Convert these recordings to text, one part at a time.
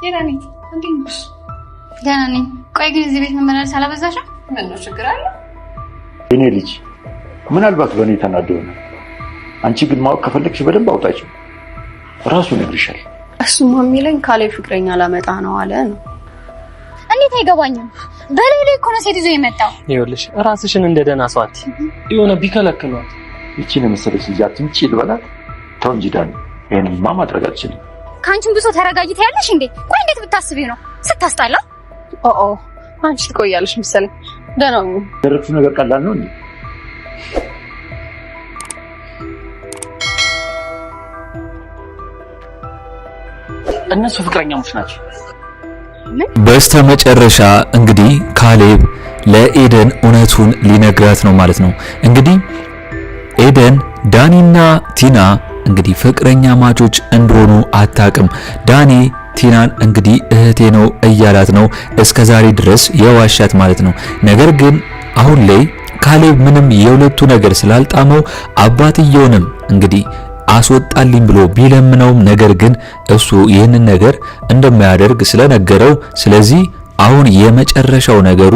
ደህና ነኝ። እንዴት ነሽ? ደህና ነኝ። ቆይ ግን እዚህ ቤት መመላለስ አላበዛሽም? ምን ነው ችግር አለ? የኔ ልጅ ምናልባት በእኔ ተናደው ነው። አንቺ ግን ማወቅ ከፈለግሽ በደንብ አውጣችው፣ ራሱ ይነግርሻል። እሱማ የሚለኝ ካሌብ ፍቅረኛ ላመጣ ነው አለ ነው። እንዴት አይገባኝም። በላይ ላይ እኮ ነው ሴት ይዞ የመጣው። ይኸውልሽ ራስሽን እንደ ደህና ሰው አትይ። የሆነ ቢከለክሏት ይቺን የመሰለች ልጅ አትምጪ ልበላት። ተው እንጂ ዳኒ፣ ይሄንማ ማድረግ አትችልም። ከአንቺም ብሶ ተረጋጊት ያለሽ እንዴ? ቆይ እንዴት ብታስቢ ነው ስታስጣላ? ኦ ኦ አንቺ ትቆያለሽ መሰለኝ። ደህና ነው ያደረግሽው ነገር ቀላል ነው እንዴ? እነሱ ፍቅረኛሞች ናቸው። በስተ መጨረሻ እንግዲህ ካሌብ ለኤደን እውነቱን ሊነግራት ነው ማለት ነው። እንግዲህ ኤደን ዳኒና ቲና እንግዲህ ፍቅረኛ ማቾች እንደሆኑ አታቅም። ዳኒ ቲናን እንግዲህ እህቴ ነው እያላት ነው እስከ ዛሬ ድረስ የዋሻት ማለት ነው። ነገር ግን አሁን ላይ ካሌብ ምንም የሁለቱ ነገር ስላልጣመው አባትየውንም እንግዲህ አስወጣልኝ ብሎ ቢለምነውም ነገር ግን እሱ ይህንን ነገር እንደማያደርግ ስለነገረው ስለዚህ አሁን የመጨረሻው ነገሩ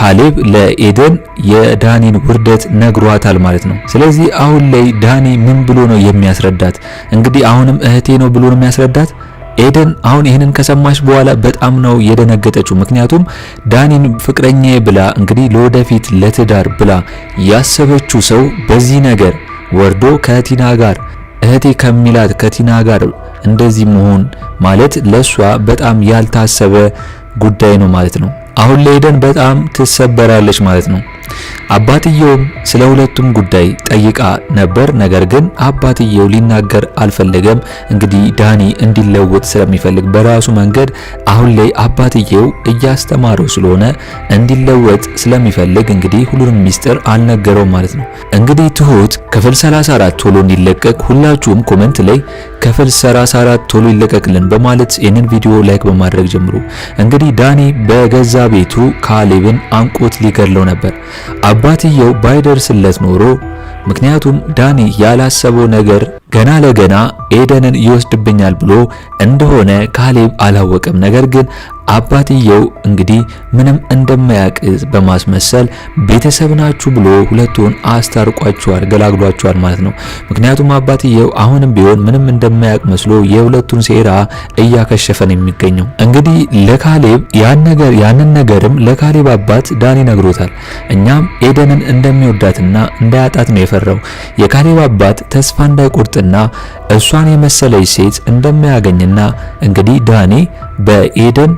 ካሌብ ለኤደን የዳኒን ውርደት ነግሯታል ማለት ነው። ስለዚህ አሁን ላይ ዳኒ ምን ብሎ ነው የሚያስረዳት? እንግዲህ አሁንም እህቴ ነው ብሎ ነው የሚያስረዳት። ኤደን አሁን ይህንን ከሰማች በኋላ በጣም ነው የደነገጠችው። ምክንያቱም ዳኒን ፍቅረኛ ብላ እንግዲህ ለወደፊት ለትዳር ብላ ያሰበችው ሰው በዚህ ነገር ወርዶ ከቲና ጋር እህቴ ከሚላት ከቲና ጋር እንደዚህ መሆን ማለት ለሷ በጣም ያልታሰበ ጉዳይ ነው ማለት ነው። አሁን ለኤደን በጣም ትሰበራለች ማለት ነው። አባትየውም ስለ ሁለቱም ጉዳይ ጠይቃ ነበር። ነገር ግን አባትየው ሊናገር አልፈለገም። እንግዲህ ዳኒ እንዲለወጥ ስለሚፈልግ በራሱ መንገድ አሁን ላይ አባትየው እያስተማረው ስለሆነ እንዲለወጥ ስለሚፈልግ እንግዲህ ሁሉንም ሚስጥር አልነገረው ማለት ነው። እንግዲህ ትሁት ክፍል 34 ቶሎ እንዲለቀቅ ሁላችሁም ኮመንት ላይ ክፍል 34 ቶሎ ይለቀቅልን በማለት ይህንን ቪዲዮ ላይክ በማድረግ ጀምሩ። እንግዲህ ዳኒ በገዛ ቤቱ ካሌብን አንቆት ሊገድለው ነበር። አባትየው ባይደርስለት ኖሮ ምክንያቱም ዳኒ ያላሰበው ነገር ገና ለገና ኤደንን ይወስድብኛል ብሎ እንደሆነ ካሌብ አላወቀም። ነገር ግን አባትየው እንግዲህ ምንም እንደማያውቅ በማስመሰል ቤተሰብ ናችሁ ብሎ ሁለቱን አስታርቋቸዋል፣ ገላግሏቸዋል ማለት ነው። ምክንያቱም አባትየው አሁንም ቢሆን ምንም እንደማያውቅ መስሎ የሁለቱን ሴራ እያከሸፈ ነው የሚገኘው። እንግዲህ ለካሌብ ያን ነገር ያንን ነገርም ለካሌብ አባት ዳኒ ነግሮታል። እኛም ኤደንን እንደሚወዳትና እንዳያጣት ነው የፈራው የካሌብ አባት ተስፋ እንዳይቆርጥና እሷን የመሰለች ሴት እንደማያገኝና እንግዲህ ዳኒ በኤደን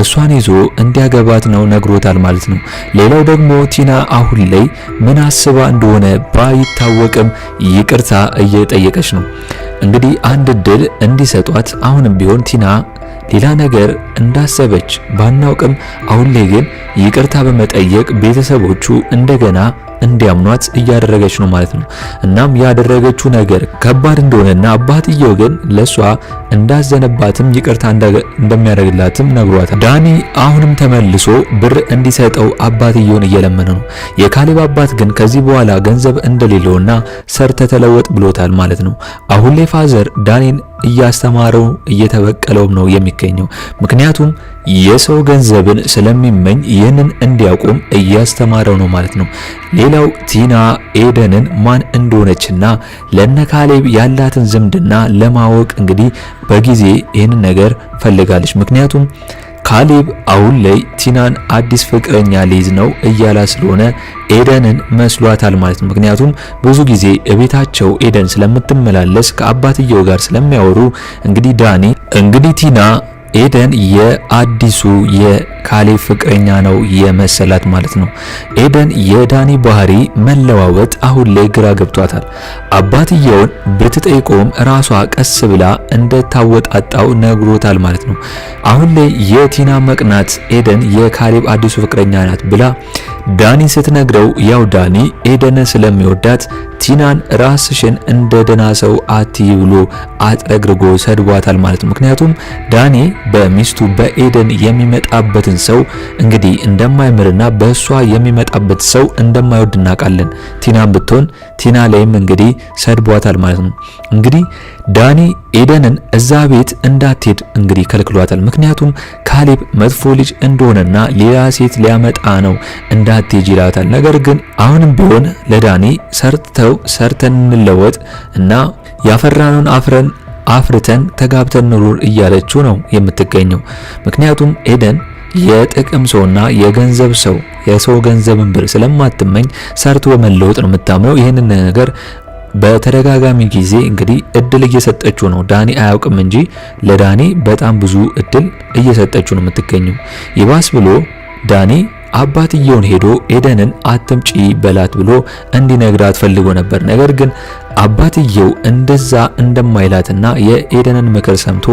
እሷን ይዞ እንዲያገባት ነው ነግሮታል ማለት ነው። ሌላው ደግሞ ቲና አሁን ላይ ምን አስባ እንደሆነ ባይታወቅም ይቅርታ እየጠየቀች ነው። እንግዲህ አንድ እድል እንዲሰጧት አሁንም ቢሆን ቲና ሌላ ነገር እንዳሰበች ባናውቅም አሁን ላይ ግን ይቅርታ በመጠየቅ ቤተሰቦቹ እንደገና እንዲያምኗት እያደረገች ነው ማለት ነው። እናም ያደረገችው ነገር ከባድ እንደሆነና አባትየው ግን ለሷ እንዳዘነባትም ይቅርታ እንደሚያደርግላትም ነግሯታል። ዳኒ አሁንም ተመልሶ ብር እንዲሰጠው አባትየውን እየለመነ ነው። የካሌብ አባት ግን ከዚህ በኋላ ገንዘብ እንደሌለውና ሰርተ ተለወጥ ብሎታል ማለት ነው። አሁን ላይ ፋዘር ዳኒን እያስተማረው እየተበቀለውም ነው የሚገኘው ምክንያቱም የሰው ገንዘብን ስለሚመኝ ይህንን እንዲያቆም እያስተማረው ነው ማለት ነው። ሌላው ቲና ኤደንን ማን እንደሆነችና ለነ ካሌብ ያላትን ዝምድና ለማወቅ እንግዲህ በጊዜ ይህንን ነገር ፈልጋለች። ምክንያቱም ካሌብ አሁን ላይ ቲናን አዲስ ፍቅረኛ ሊይዝ ነው እያላ ስለሆነ ኤደንን መስሏታል ማለት ነው። ምክንያቱም ብዙ ጊዜ እቤታቸው ኤደን ስለምትመላለስ ከአባትየው ጋር ስለሚያወሩ እንግዲህ ዳኒ እንግዲህ ቲና ኤደን የአዲሱ የካሌ ፍቅረኛ ነው የመሰላት ማለት ነው። ኤደን የዳኒ ባህሪ መለዋወጥ አሁን ላይ ግራ ገብቷታል። አባትየውን ብትጠይቀውም ራሷ ቀስ ብላ እንደታወጣጣው ነግሮታል ማለት ነው። አሁን ላይ የቲና መቅናት ኤደን የካሌብ አዲሱ ፍቅረኛ ናት ብላ ዳኒ ስትነግረው ያው ዳኒ ኤደን ስለሚወዳት ቲናን ራስሽን እንደ ደና ሰው አትይ ብሎ አጥረግርጎ ሰድቧታል ማለት ነው። ምክንያቱም ዳኒ በሚስቱ በኤደን የሚመጣበትን ሰው እንግዲህ እንደማይምርና በእሷ የሚመጣበት ሰው እንደማይወድ እናውቃለን። ቲናን ብትሆን ቲና ላይም እንግዲህ ሰድቧታል ማለት ነው እንግዲህ ዳኒ ኤደንን እዛ ቤት እንዳትሄድ እንግዲህ ከልክሏታል። ምክንያቱም ካሌብ መጥፎ ልጅ እንደሆነና ሌላ ሴት ሊያመጣ ነው እንዳትሄጅ ይላታል። ነገር ግን አሁንም ቢሆን ለዳኒ ሰርተው ሰርተን እንለወጥ እና ያፈራነውን አፍረን አፍርተን ተጋብተን ኑሩር እያለችው ነው የምትገኘው። ምክንያቱም ኤደን የጥቅም ሰውና የገንዘብ ሰው የሰው ገንዘብን ብር ስለማትመኝ ሰርቶ በመለወጥ ነው የምታምነው። ይህንን ነገር በተደጋጋሚ ጊዜ እንግዲህ እድል እየሰጠችው ነው። ዳኒ አያውቅም እንጂ ለዳኒ በጣም ብዙ እድል እየሰጠችው ነው የምትገኘው። ይባስ ብሎ ዳኒ አባትየውን ሄዶ ኤደንን አትምጪ በላት ብሎ እንዲነግራት ፈልጎ ነበር። ነገር ግን አባትየው እንደዛ እንደማይላትና የኤደንን ምክር ሰምቶ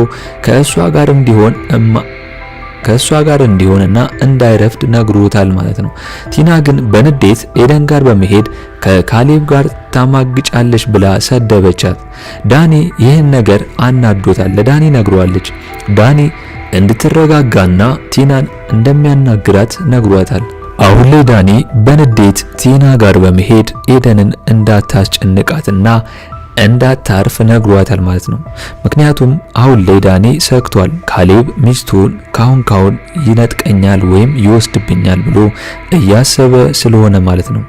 ከእሷ ጋርም እንዲሆን ከእሷ ጋር እንዲሆንና እንዳይረፍድ ነግሮታል ማለት ነው። ቲና ግን በንዴት ኤደን ጋር በመሄድ ከካሌብ ጋር ታማግጫለች ብላ ሰደበቻት። ዳኒ ይህን ነገር አናዶታል፣ ለዳኒ ነግሯለች። ዳኒ እንድትረጋጋና ቲናን እንደሚያናግራት ነግሯታል። አሁን ላይ ዳኒ በንዴት ቲና ጋር በመሄድ ኤደንን እንዳታስጨንቃትና እንዳታርፍ ነግሯታል ማለት ነው። ምክንያቱም አሁን ላይ ዳኔ ሰግቷል። ካሌብ ሚስቱን ካሁን ካሁን ይነጥቀኛል ወይም ይወስድብኛል ብሎ እያሰበ ስለሆነ ማለት ነው።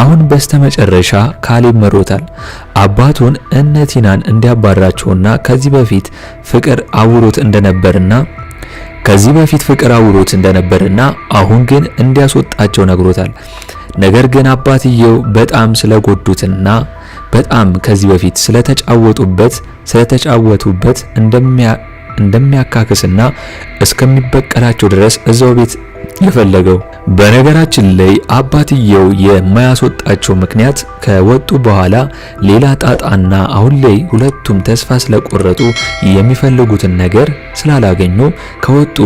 አሁን በስተመጨረሻ ካሌብ መሮታል። አባቱን እነ ቲናን እንዲያባራቸውና ከዚህ በፊት ፍቅር አውሮት እንደነበርና ከዚህ በፊት ፍቅር አውሮት እንደነበርና አሁን ግን እንዲያስወጣቸው ነግሮታል። ነገር ግን አባትየው በጣም ስለጎዱትና በጣም ከዚህ በፊት ስለተጫወቱበት ስለተጫወቱበት እንደሚያ እንደሚያካክስና እስከሚበቀላቸው ድረስ እዛው ቤት የፈለገው። በነገራችን ላይ አባትየው የማያስወጣቸው ምክንያት ከወጡ በኋላ ሌላ ጣጣና አሁን ላይ ሁለቱም ተስፋ ስለቆረጡ የሚፈልጉትን ነገር ስላላገኙ ከወጡ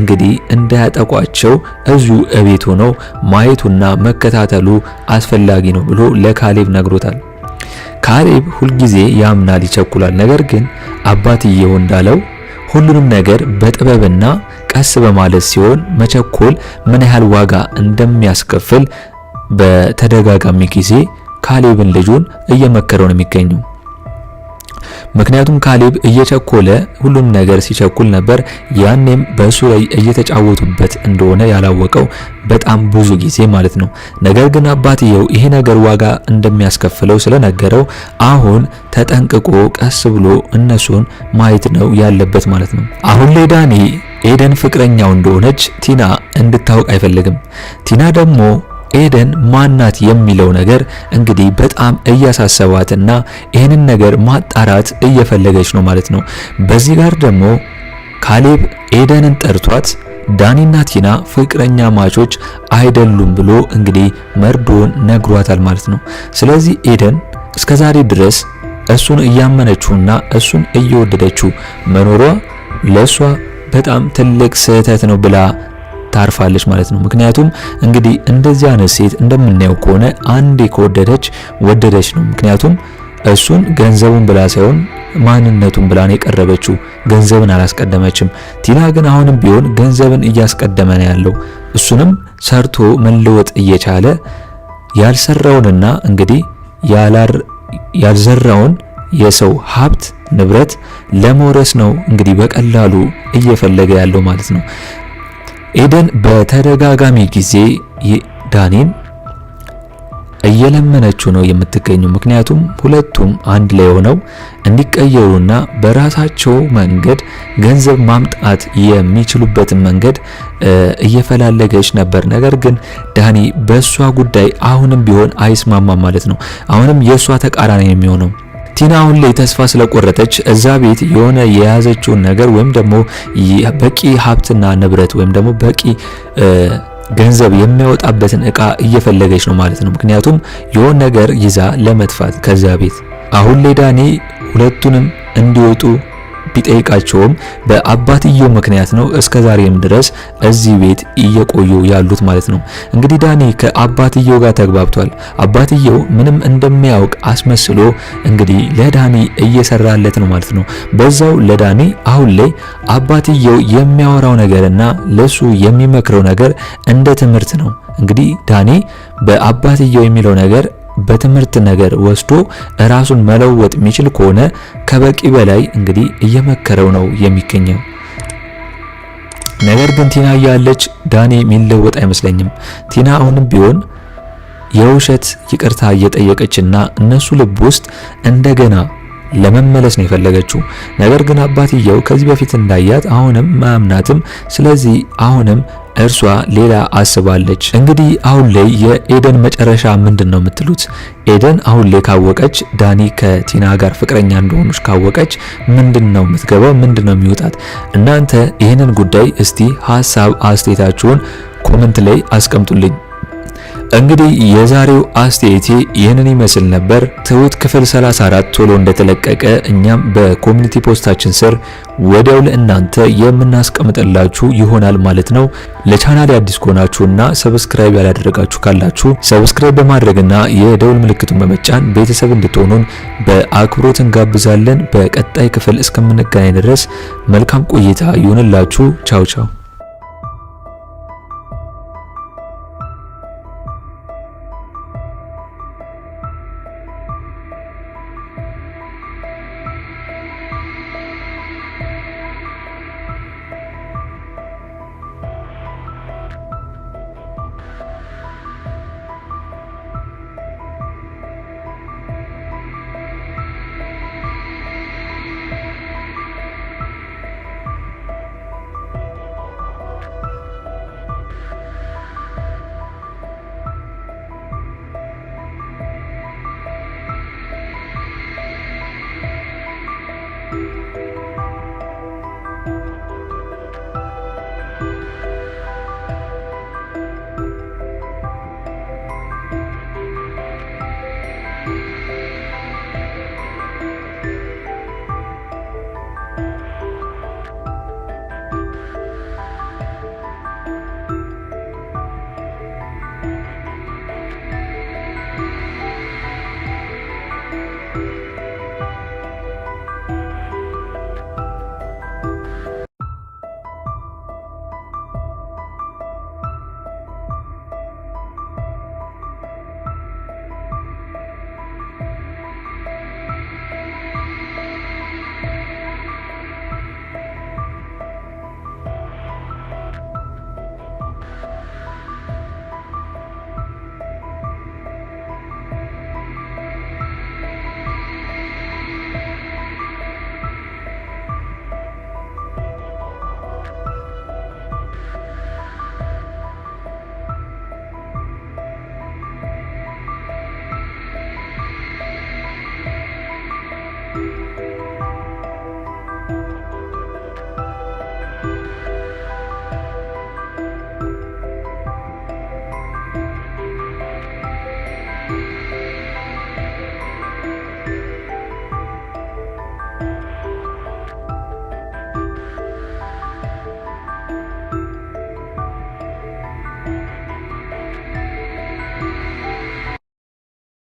እንግዲህ እንዳያጠቋቸው እዚሁ እቤት ሆነው ማየቱና መከታተሉ አስፈላጊ ነው ብሎ ለካሌብ ነግሮታል። ካሌብ ሁልጊዜ ያምናል፣ ይቸኩላል። ነገር ግን አባትየው እንዳለው ሁሉንም ነገር በጥበብና ቀስ በማለት ሲሆን መቸኮል ምን ያህል ዋጋ እንደሚያስከፍል በተደጋጋሚ ጊዜ ካሌብን ልጁን እየመከረው ነው የሚገኘው። ምክንያቱም ካሌብ እየቸኮለ ሁሉም ነገር ሲቸኩል ነበር። ያኔም በእሱ ላይ እየተጫወቱበት እንደሆነ ያላወቀው በጣም ብዙ ጊዜ ማለት ነው። ነገር ግን አባትየው ይሄ ነገር ዋጋ እንደሚያስከፍለው ስለነገረው አሁን ተጠንቅቆ ቀስ ብሎ እነሱን ማየት ነው ያለበት ማለት ነው። አሁን ላይ ዳኒ ኤደን ፍቅረኛው እንደሆነች ቲና እንድታውቅ አይፈልግም። ቲና ደግሞ ኤደን ማናት የሚለው ነገር እንግዲህ በጣም እያሳሰባትና ይህንን ነገር ማጣራት እየፈለገች ነው ማለት ነው። በዚህ ጋር ደግሞ ካሌብ ኤደንን ጠርቷት ዳኒና ቲና ፍቅረኛ ማቾች አይደሉም ብሎ እንግዲህ መርዶን ነግሯታል ማለት ነው። ስለዚህ ኤደን እስከዛሬ ድረስ እሱን እያመነችውና እሱን እየወደደችው መኖሯ ለሷ በጣም ትልቅ ስህተት ነው ብላ ታርፋለች ማለት ነው። ምክንያቱም እንግዲህ እንደዚህ አይነት ሴት እንደምናየው ከሆነ አንዴ ከወደደች ወደደች ነው። ምክንያቱም እሱን ገንዘቡን ብላ ሳይሆን ማንነቱን ብላ ነው የቀረበችው። ገንዘብን አላስቀደመችም። ቲና ግን አሁንም ቢሆን ገንዘብን እያስቀደመ ነው ያለው። እሱንም ሰርቶ መለወጥ እየቻለ ያልሰራውንና እንግዲህ ያልዘራውን የሰው ሀብት ንብረት ለመውረስ ነው እንግዲህ በቀላሉ እየፈለገ ያለው ማለት ነው። ኤደን በተደጋጋሚ ጊዜ ዳኔን እየለመነችው ነው የምትገኘው። ምክንያቱም ሁለቱም አንድ ላይ ሆነው እንዲቀየሩና በራሳቸው መንገድ ገንዘብ ማምጣት የሚችሉበትን መንገድ እየፈላለገች ነበር። ነገር ግን ዳኒ በእሷ ጉዳይ አሁንም ቢሆን አይስማማ ማለት ነው። አሁንም የእሷ ተቃራኒ የሚሆነው ቲና አሁን ላይ ተስፋ ስለቆረጠች እዛ ቤት የሆነ የያዘችውን ነገር ወይም ደግሞ በቂ ሀብትና ንብረት ወይም ደግሞ በቂ ገንዘብ የሚያወጣበትን እቃ እየፈለገች ነው ማለት ነው። ምክንያቱም የሆነ ነገር ይዛ ለመጥፋት ከዛ ቤት አሁን ላይ ዳኒ ሁለቱንም እንዲወጡ ቢጠይቃቸውም በአባትየው ምክንያት ነው እስከ ዛሬም ድረስ እዚህ ቤት እየቆዩ ያሉት ማለት ነው። እንግዲህ ዳኒ ከአባትየው ጋር ተግባብቷል። አባትየው ምንም እንደሚያውቅ አስመስሎ እንግዲህ ለዳኒ እየሰራለት ነው ማለት ነው። በዛው ለዳኒ አሁን ላይ አባትየው የሚያወራው ነገርና ለሱ የሚመክረው ነገር እንደ ትምህርት ነው። እንግዲህ ዳኒ በአባትየው የሚለው ነገር በትምህርት ነገር ወስዶ ራሱን መለወጥ የሚችል ከሆነ ከበቂ በላይ እንግዲህ እየመከረው ነው የሚገኘው። ነገር ግን ቲና እያለች ዳኔ የሚለወጥ አይመስለኝም። ቲና አሁንም ቢሆን የውሸት ይቅርታ እየጠየቀችና እነሱ ልብ ውስጥ እንደገና ለመመለስ ነው የፈለገችው። ነገር ግን አባትየው ከዚህ በፊት እንዳያት አሁንም ማምናትም ስለዚህ አሁንም እርሷ ሌላ አስባለች። እንግዲህ አሁን ላይ የኤደን መጨረሻ ምንድን ነው የምትሉት? ኤደን አሁን ላይ ካወቀች ዳኒ ከቲና ጋር ፍቅረኛ እንደሆኑች ካወቀች ምንድን ነው የምትገባው? ምንድን ነው የሚወጣት? እናንተ ይህንን ጉዳይ እስቲ ሀሳብ አስተያየታችሁን ኮመንት ላይ አስቀምጡልኝ። እንግዲህ የዛሬው አስተያየቴ ይህንን ይመስል ነበር። ትሁት ክፍል 34 ቶሎ እንደተለቀቀ እኛም በኮሚኒቲ ፖስታችን ስር ወዲያው ለእናንተ የምናስቀምጥላችሁ ይሆናል ማለት ነው። ለቻናል አዲስ ከሆናችሁና ሰብስክራይብ ያላደረጋችሁ ካላችሁ ሰብስክራይብ በማድረግና የደውል ምልክቱን በመጫን ቤተሰብ እንድትሆኑን በአክብሮት እንጋብዛለን። በቀጣይ ክፍል እስከምንገናኝ ድረስ መልካም ቆይታ ይሁንላችሁ። ቻው ቻው።